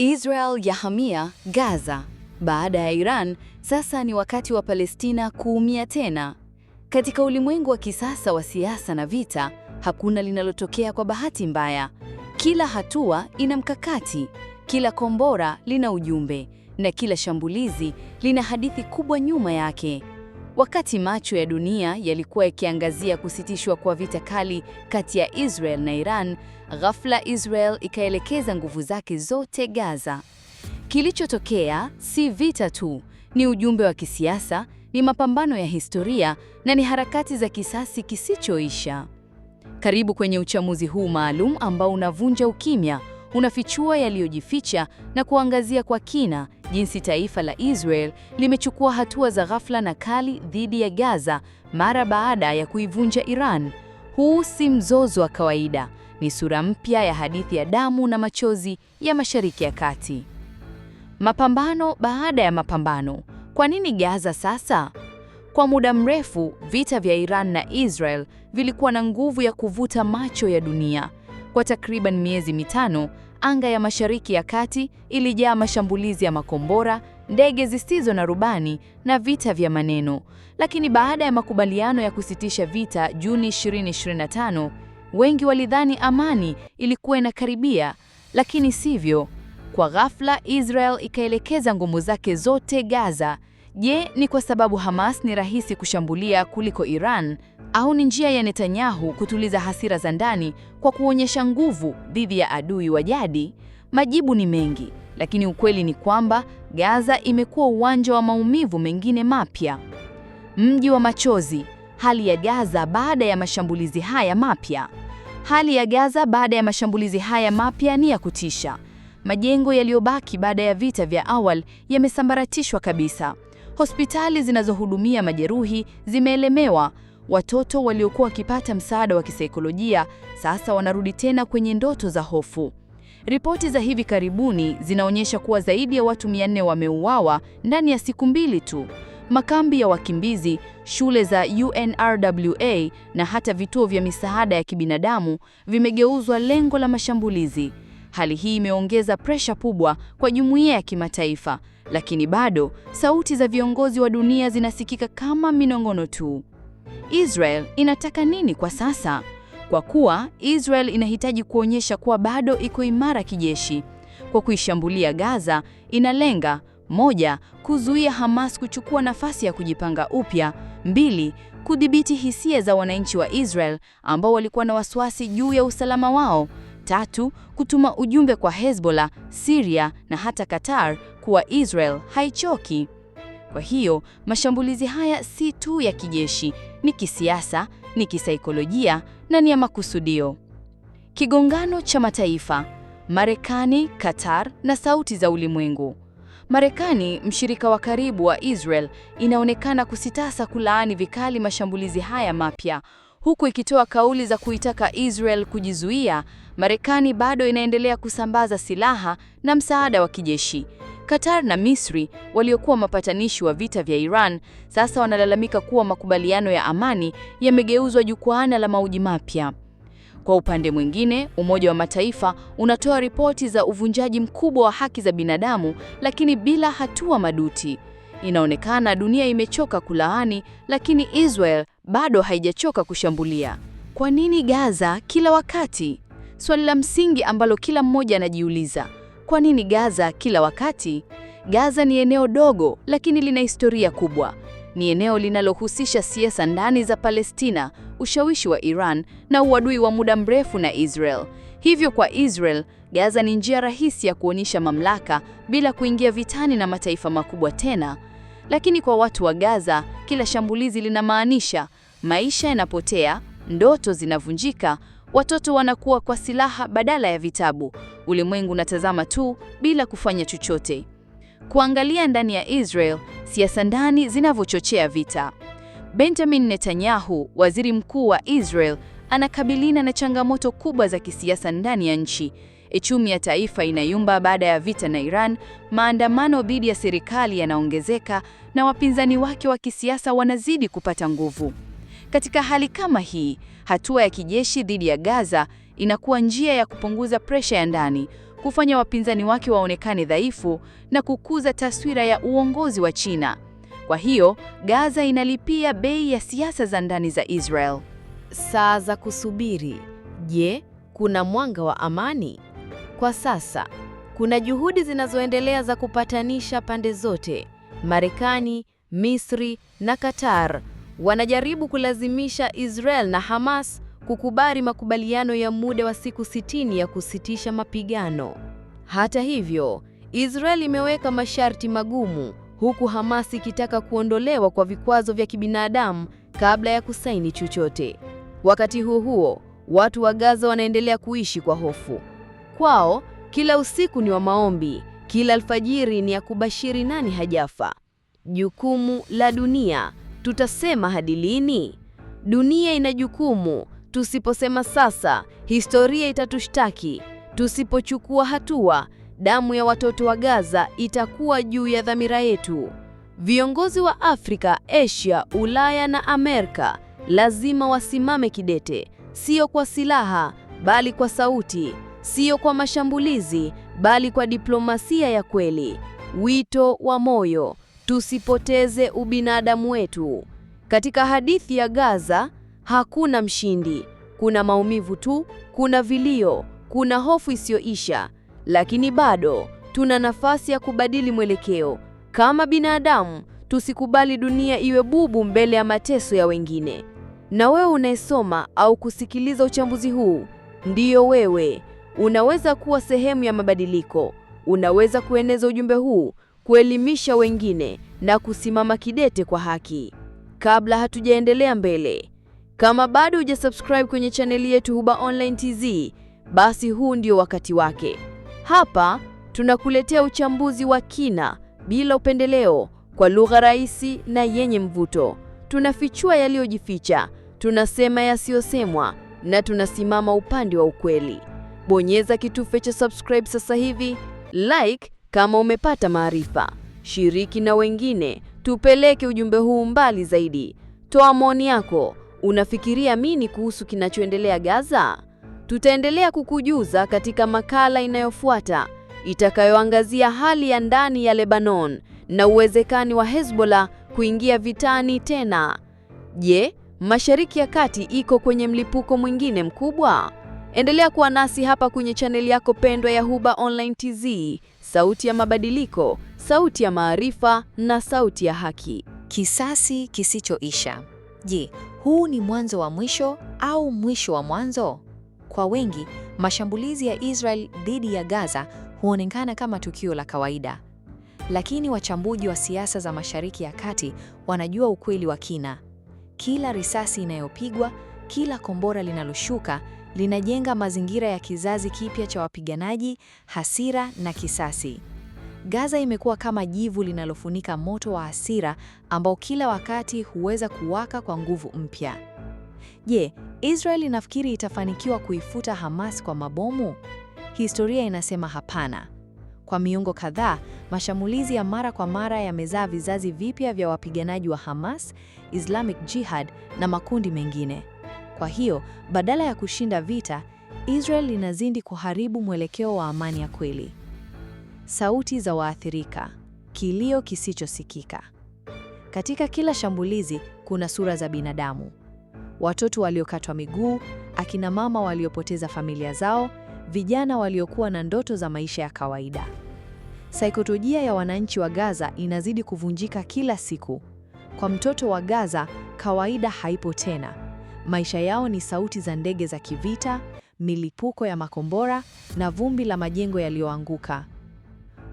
Israel yahamia Gaza baada ya Iran. Sasa ni wakati wa Palestina kuumia tena. Katika ulimwengu wa kisasa wa siasa na vita, hakuna linalotokea kwa bahati mbaya. Kila hatua ina mkakati, kila kombora lina ujumbe, na kila shambulizi lina hadithi kubwa nyuma yake. Wakati macho ya dunia yalikuwa yakiangazia kusitishwa kwa vita kali kati ya Israel na Iran, ghafla Israel ikaelekeza nguvu zake zote Gaza. Kilichotokea si vita tu, ni ujumbe wa kisiasa, ni mapambano ya historia na ni harakati za kisasi kisichoisha. Karibu kwenye uchamuzi huu maalum ambao unavunja ukimya, unafichua yaliyojificha na kuangazia kwa kina jinsi taifa la Israel limechukua hatua za ghafla na kali dhidi ya Gaza mara baada ya kuivunja Iran. Huu si mzozo wa kawaida, ni sura mpya ya hadithi ya damu na machozi ya Mashariki ya Kati. Mapambano baada ya mapambano. Kwa nini Gaza sasa? Kwa muda mrefu, vita vya Iran na Israel vilikuwa na nguvu ya kuvuta macho ya dunia. Kwa takriban miezi mitano, anga ya Mashariki ya Kati ilijaa mashambulizi ya makombora, ndege zisizo na rubani na vita vya maneno. Lakini baada ya makubaliano ya kusitisha vita Juni 2025, Wengi walidhani amani ilikuwa inakaribia, lakini sivyo. Kwa ghafla, Israel ikaelekeza ngumu zake zote Gaza. Je, ni kwa sababu Hamas ni rahisi kushambulia kuliko Iran au ni njia ya Netanyahu kutuliza hasira za ndani kwa kuonyesha nguvu dhidi ya adui wa jadi? Majibu ni mengi, lakini ukweli ni kwamba Gaza imekuwa uwanja wa maumivu mengine mapya. Mji wa machozi, hali ya Gaza baada ya mashambulizi haya mapya. Hali ya Gaza baada ya mashambulizi haya mapya ni ya kutisha. Majengo yaliyobaki baada ya vita vya awali yamesambaratishwa kabisa. Hospitali zinazohudumia majeruhi zimeelemewa. Watoto waliokuwa wakipata msaada wa kisaikolojia sasa wanarudi tena kwenye ndoto za hofu. Ripoti za hivi karibuni zinaonyesha kuwa zaidi ya watu 400 wameuawa ndani ya siku mbili tu makambi ya wakimbizi, shule za UNRWA na hata vituo vya misaada ya kibinadamu vimegeuzwa lengo la mashambulizi. Hali hii imeongeza presha kubwa kwa jumuiya ya kimataifa, lakini bado sauti za viongozi wa dunia zinasikika kama minong'ono tu. Israel inataka nini kwa sasa? Kwa kuwa Israel inahitaji kuonyesha kuwa bado iko imara kijeshi. Kwa kuishambulia Gaza, inalenga moja, kuzuia Hamas kuchukua nafasi ya kujipanga upya. Mbili, kudhibiti hisia za wananchi wa Israel ambao walikuwa na wasiwasi juu ya usalama wao. Tatu, kutuma ujumbe kwa Hezbollah, Syria na hata Qatar kuwa Israel haichoki. Kwa hiyo, mashambulizi haya si tu ya kijeshi, ni kisiasa, ni kisaikolojia na ni ya makusudio. Kigongano cha mataifa, Marekani, Qatar na sauti za ulimwengu. Marekani, mshirika wa karibu wa Israel, inaonekana kusitasa kulaani vikali mashambulizi haya mapya. Huku ikitoa kauli za kuitaka Israel kujizuia, Marekani bado inaendelea kusambaza silaha na msaada wa kijeshi. Qatar na Misri, waliokuwa mapatanishi wa vita vya Iran, sasa wanalalamika kuwa makubaliano ya amani yamegeuzwa jukwaa la mauji mapya. Kwa upande mwingine, Umoja wa Mataifa unatoa ripoti za uvunjaji mkubwa wa haki za binadamu, lakini bila hatua maduti. Inaonekana dunia imechoka kulaani, lakini Israel bado haijachoka kushambulia. Kwa nini Gaza kila wakati? Swali la msingi ambalo kila mmoja anajiuliza. Kwa nini Gaza kila wakati? Gaza ni eneo dogo, lakini lina historia kubwa. Ni eneo linalohusisha siasa ndani za Palestina, ushawishi wa Iran na uadui wa muda mrefu na Israel. Hivyo kwa Israel, Gaza ni njia rahisi ya kuonyesha mamlaka bila kuingia vitani na mataifa makubwa tena. Lakini kwa watu wa Gaza, kila shambulizi linamaanisha maisha yanapotea, ndoto zinavunjika, watoto wanakuwa kwa silaha badala ya vitabu. Ulimwengu unatazama tu bila kufanya chochote kuangalia ndani ya Israel siasa ndani zinavyochochea vita. Benjamin Netanyahu, waziri mkuu wa Israel, anakabiliana na changamoto kubwa za kisiasa ndani ya nchi. Uchumi ya taifa inayumba baada ya vita na Iran, maandamano dhidi ya serikali yanaongezeka na wapinzani wake wa kisiasa wanazidi kupata nguvu. Katika hali kama hii, hatua ya kijeshi dhidi ya Gaza inakuwa njia ya kupunguza presha ya ndani kufanya wapinzani wake waonekane dhaifu na kukuza taswira ya uongozi wa China. Kwa hiyo, Gaza inalipia bei ya siasa za ndani za Israel. Saa za kusubiri. Je, kuna mwanga wa amani? Kwa sasa, kuna juhudi zinazoendelea za kupatanisha pande zote. Marekani, Misri na Qatar wanajaribu kulazimisha Israel na Hamas kukubali makubaliano ya muda wa siku sitini ya kusitisha mapigano. Hata hivyo, Israel imeweka masharti magumu huku Hamas ikitaka kuondolewa kwa vikwazo vya kibinadamu kabla ya kusaini chochote. Wakati huo huo, watu wa Gaza wanaendelea kuishi kwa hofu. Kwao, kila usiku ni wa maombi, kila alfajiri ni ya kubashiri nani hajafa. Jukumu la dunia, tutasema hadi lini? Dunia ina jukumu Tusiposema sasa, historia itatushtaki. Tusipochukua hatua, damu ya watoto wa Gaza itakuwa juu ya dhamira yetu. Viongozi wa Afrika, Asia, Ulaya na Amerika lazima wasimame kidete, sio kwa silaha bali kwa sauti, sio kwa mashambulizi bali kwa diplomasia ya kweli. Wito wa moyo, tusipoteze ubinadamu wetu. Katika hadithi ya Gaza, Hakuna mshindi, kuna maumivu tu, kuna vilio, kuna hofu isiyoisha, lakini bado tuna nafasi ya kubadili mwelekeo. Kama binadamu, tusikubali dunia iwe bubu mbele ya mateso ya wengine. Na wewe unayesoma au kusikiliza uchambuzi huu, ndiyo wewe, unaweza kuwa sehemu ya mabadiliko. Unaweza kueneza ujumbe huu, kuelimisha wengine na kusimama kidete kwa haki. Kabla hatujaendelea mbele, kama bado hujasubscribe kwenye chaneli yetu Hubah Online TZ, basi huu ndio wakati wake. Hapa tunakuletea uchambuzi wa kina bila upendeleo, kwa lugha rahisi na yenye mvuto. Tunafichua yaliyojificha, tunasema yasiyosemwa na tunasimama upande wa ukweli. Bonyeza kitufe cha subscribe sasa hivi, like kama umepata maarifa, shiriki na wengine, tupeleke ujumbe huu mbali zaidi. Toa maoni yako. Unafikiria nini kuhusu kinachoendelea Gaza? Tutaendelea kukujuza katika makala inayofuata itakayoangazia hali ya ndani ya Lebanon na uwezekani wa Hezbollah kuingia vitani tena. Je, Mashariki ya Kati iko kwenye mlipuko mwingine mkubwa? Endelea kuwa nasi hapa kwenye chaneli yako pendwa ya Hubah Online TZ, sauti ya mabadiliko, sauti ya maarifa na sauti ya haki. Kisasi kisichoisha. Je, huu ni mwanzo wa mwisho au mwisho wa mwanzo? Kwa wengi, mashambulizi ya Israel dhidi ya Gaza huonekana kama tukio la kawaida. Lakini wachambuzi wa siasa za Mashariki ya Kati wanajua ukweli wa kina. Kila risasi inayopigwa, kila kombora linaloshuka linajenga mazingira ya kizazi kipya cha wapiganaji, hasira na kisasi. Gaza imekuwa kama jivu linalofunika moto wa hasira ambao kila wakati huweza kuwaka kwa nguvu mpya. Je, Israel inafikiri itafanikiwa kuifuta Hamas kwa mabomu? Historia inasema hapana. Kwa miongo kadhaa, mashambulizi ya mara kwa mara yamezaa vizazi vipya vya wapiganaji wa Hamas, Islamic Jihad na makundi mengine. Kwa hiyo, badala ya kushinda vita, Israel inazidi kuharibu mwelekeo wa amani ya kweli sauti za waathirika, kilio kisichosikika. Katika kila shambulizi kuna sura za binadamu: watoto waliokatwa miguu, akina mama waliopoteza familia zao, vijana waliokuwa na ndoto za maisha ya kawaida. Saikolojia ya wananchi wa Gaza inazidi kuvunjika kila siku. Kwa mtoto wa Gaza, kawaida haipo tena. Maisha yao ni sauti za ndege za kivita, milipuko ya makombora na vumbi la majengo yaliyoanguka.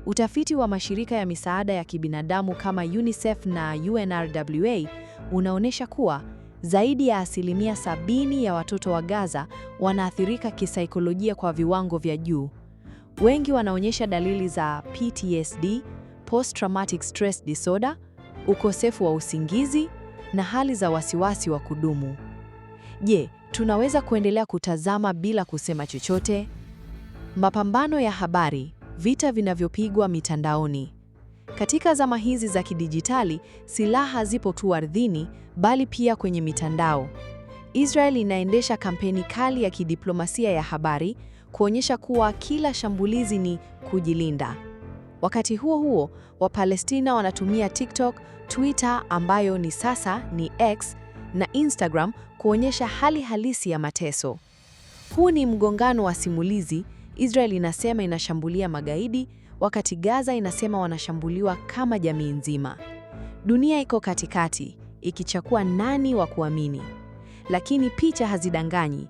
Utafiti wa mashirika ya misaada ya kibinadamu kama UNICEF na UNRWA unaonyesha kuwa zaidi ya asilimia sabini ya watoto wa Gaza wanaathirika kisaikolojia kwa viwango vya juu. Wengi wanaonyesha dalili za PTSD, post traumatic stress disorder, ukosefu wa usingizi na hali za wasiwasi wa kudumu. Je, tunaweza kuendelea kutazama bila kusema chochote? Mapambano ya habari. Vita vinavyopigwa mitandaoni. Katika zama hizi za kidijitali, silaha zipo tu ardhini, bali pia kwenye mitandao. Israel inaendesha kampeni kali ya kidiplomasia ya habari kuonyesha kuwa kila shambulizi ni kujilinda. Wakati huo huo, Wapalestina wanatumia TikTok, Twitter ambayo ni sasa ni X na Instagram kuonyesha hali halisi ya mateso. Huu ni mgongano wa simulizi Israel inasema inashambulia magaidi, wakati Gaza inasema wanashambuliwa kama jamii nzima. Dunia iko katikati, ikichakua nani wa kuamini. Lakini picha hazidanganyi.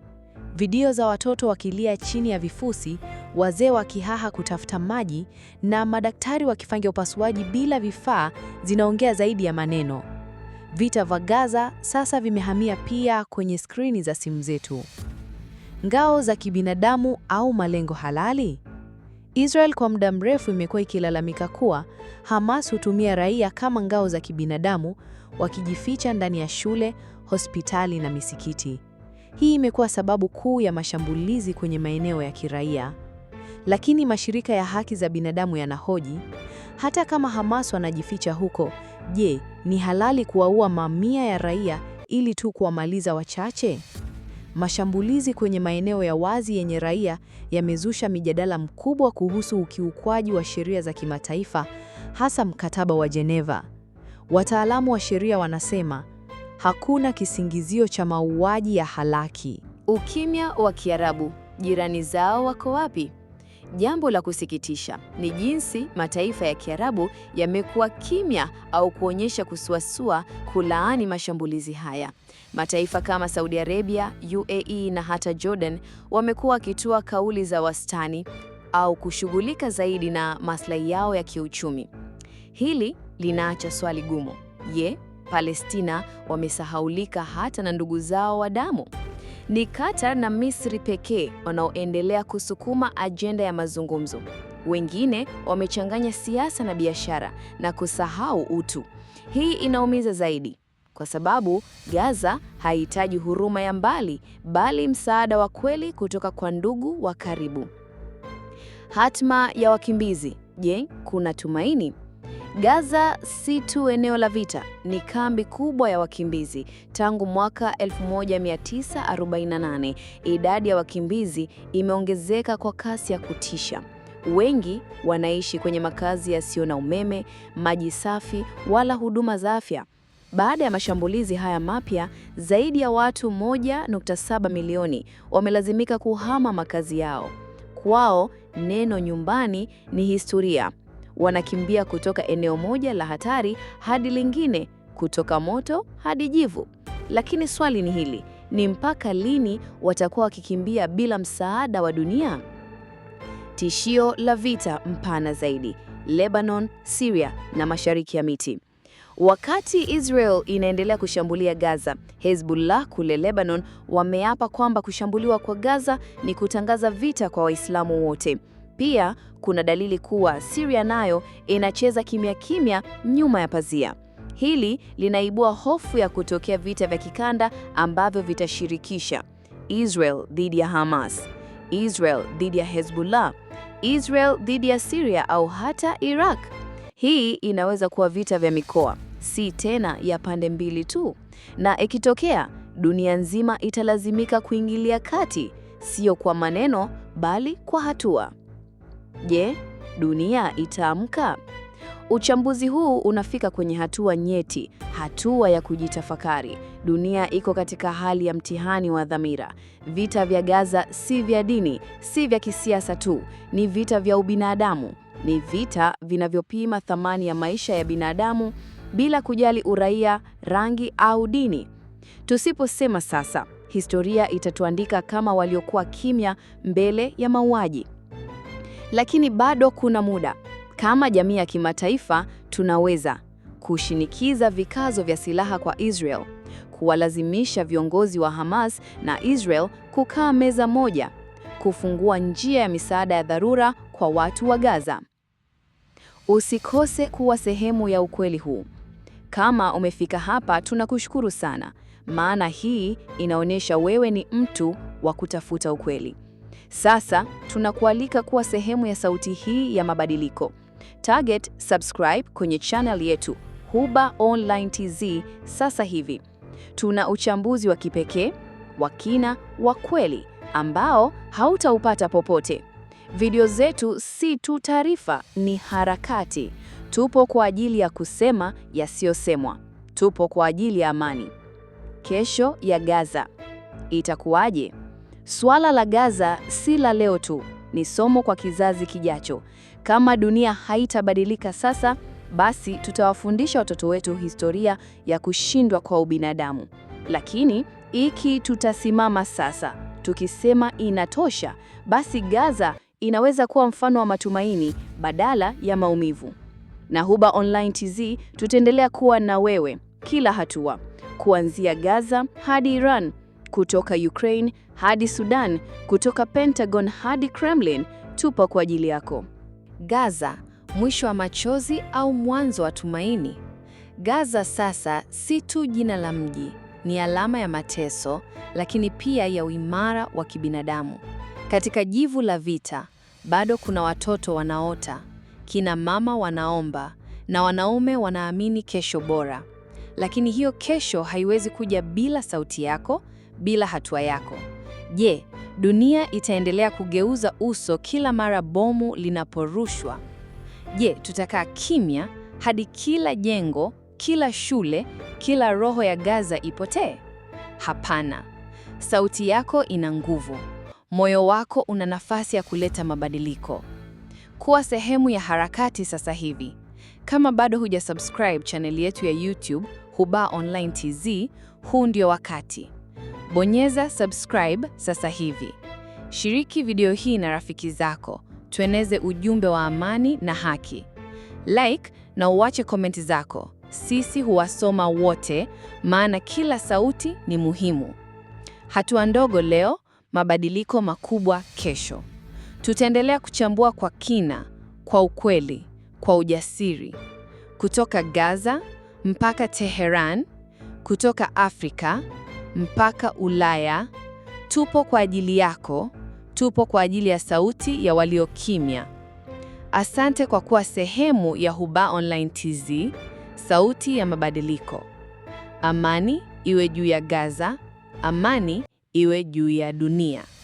Video za watoto wakilia chini ya vifusi, wazee wakihaha kutafuta maji, na madaktari wakifanya upasuaji bila vifaa zinaongea zaidi ya maneno. Vita vya Gaza sasa vimehamia pia kwenye skrini za simu zetu ngao za kibinadamu au malengo halali? Israel kwa muda mrefu imekuwa ikilalamika kuwa Hamas hutumia raia kama ngao za kibinadamu, wakijificha ndani ya shule, hospitali na misikiti. Hii imekuwa sababu kuu ya mashambulizi kwenye maeneo ya kiraia. Lakini mashirika ya haki za binadamu yanahoji, hata kama Hamas wanajificha huko, je, ni halali kuwaua mamia ya raia ili tu kuwamaliza wachache? Mashambulizi kwenye maeneo ya wazi yenye raia yamezusha mijadala mkubwa kuhusu ukiukwaji wa sheria za kimataifa, hasa mkataba wa Geneva. Wataalamu wa sheria wanasema hakuna kisingizio cha mauaji ya halaki. Ukimya wa Kiarabu, jirani zao wako wapi? Jambo la kusikitisha ni jinsi mataifa ya Kiarabu yamekuwa kimya au kuonyesha kusuasua kulaani mashambulizi haya. Mataifa kama Saudi Arabia, UAE na hata Jordan wamekuwa wakitoa kauli za wastani au kushughulika zaidi na maslahi yao ya kiuchumi. Hili linaacha swali gumu. Je, Palestina wamesahaulika hata na ndugu zao wa damu? Ni Qatar na Misri pekee wanaoendelea kusukuma ajenda ya mazungumzo. Wengine wamechanganya siasa na biashara na kusahau utu. Hii inaumiza zaidi kwa sababu Gaza haihitaji huruma ya mbali bali msaada wa kweli kutoka kwa ndugu wa karibu. Hatma ya wakimbizi, je, kuna tumaini? Gaza si tu eneo la vita, ni kambi kubwa ya wakimbizi. Tangu mwaka 1948, idadi ya wakimbizi imeongezeka kwa kasi ya kutisha. Wengi wanaishi kwenye makazi yasiyo na umeme, maji safi wala huduma za afya. Baada ya mashambulizi haya mapya, zaidi ya watu 1.7 milioni wamelazimika kuhama makazi yao. Kwao neno nyumbani ni historia wanakimbia kutoka eneo moja la hatari hadi lingine, kutoka moto hadi jivu. Lakini swali ni hili, ni mpaka lini watakuwa wakikimbia bila msaada wa dunia? Tishio la vita mpana zaidi, Lebanon, Syria na Mashariki ya Miti. Wakati Israel inaendelea kushambulia Gaza, Hezbollah kule Lebanon wameapa kwamba kushambuliwa kwa Gaza ni kutangaza vita kwa Waislamu wote. Pia kuna dalili kuwa Syria nayo inacheza kimya kimya nyuma ya pazia. Hili linaibua hofu ya kutokea vita vya kikanda ambavyo vitashirikisha Israel dhidi ya Hamas, Israel dhidi ya Hezbollah, Israel dhidi ya Syria au hata Iraq. Hii inaweza kuwa vita vya mikoa, si tena ya pande mbili tu. Na ikitokea, dunia nzima italazimika kuingilia kati, sio kwa maneno bali kwa hatua. Je, dunia itaamka? Uchambuzi huu unafika kwenye hatua nyeti, hatua ya kujitafakari. Dunia iko katika hali ya mtihani wa dhamira. Vita vya Gaza si vya dini, si vya kisiasa tu, ni vita vya ubinadamu. Ni vita vinavyopima thamani ya maisha ya binadamu bila kujali uraia, rangi au dini. Tusiposema sasa, historia itatuandika kama waliokuwa kimya mbele ya mauaji lakini bado kuna muda. Kama jamii ya kimataifa, tunaweza kushinikiza vikazo vya silaha kwa Israel, kuwalazimisha viongozi wa Hamas na Israel kukaa meza moja, kufungua njia ya misaada ya dharura kwa watu wa Gaza. Usikose kuwa sehemu ya ukweli huu. Kama umefika hapa, tunakushukuru sana, maana hii inaonyesha wewe ni mtu wa kutafuta ukweli. Sasa tunakualika kuwa sehemu ya sauti hii ya mabadiliko. Target subscribe kwenye channel yetu Huba Online TZ sasa hivi. Tuna uchambuzi wa kipekee, wa kina, wa kweli ambao hautaupata popote. Video zetu si tu taarifa, ni harakati. Tupo kwa ajili ya kusema yasiyosemwa. Tupo kwa ajili ya amani. Kesho ya Gaza itakuwaje? Suala la Gaza si la leo tu, ni somo kwa kizazi kijacho. Kama dunia haitabadilika sasa, basi tutawafundisha watoto wetu historia ya kushindwa kwa ubinadamu. Lakini iki tutasimama sasa, tukisema inatosha, basi Gaza inaweza kuwa mfano wa matumaini badala ya maumivu. Na Huba Online TZ tutaendelea kuwa na wewe kila hatua, kuanzia Gaza hadi Iran, kutoka Ukraine hadi Sudan, kutoka Pentagon hadi Kremlin, tupo kwa ajili yako. Gaza, mwisho wa machozi au mwanzo wa tumaini? Gaza sasa si tu jina la mji, ni alama ya mateso, lakini pia ya uimara wa kibinadamu. Katika jivu la vita, bado kuna watoto wanaota, kina mama wanaomba, na wanaume wanaamini kesho bora. Lakini hiyo kesho haiwezi kuja bila sauti yako, bila hatua yako. Je, dunia itaendelea kugeuza uso kila mara bomu linaporushwa? Je, tutakaa kimya hadi kila jengo, kila shule, kila roho ya Gaza ipotee? Hapana. Sauti yako ina nguvu. Moyo wako una nafasi ya kuleta mabadiliko. Kuwa sehemu ya harakati sasa hivi. Kama bado huja subscribe chaneli yetu ya YouTube Hubaa Online TZ, huu ndio wakati. Bonyeza subscribe sasa hivi. Shiriki video hii na rafiki zako, tueneze ujumbe wa amani na haki. Like na uache komenti zako, sisi huwasoma wote, maana kila sauti ni muhimu. Hatua ndogo leo, mabadiliko makubwa kesho. Tutaendelea kuchambua kwa kina, kwa ukweli, kwa ujasiri, kutoka Gaza mpaka Teheran, kutoka Afrika mpaka Ulaya. Tupo kwa ajili yako, tupo kwa ajili ya sauti ya waliokimya. Asante kwa kuwa sehemu ya Hubah Online TZ, sauti ya mabadiliko. Amani iwe juu ya Gaza, amani iwe juu ya dunia.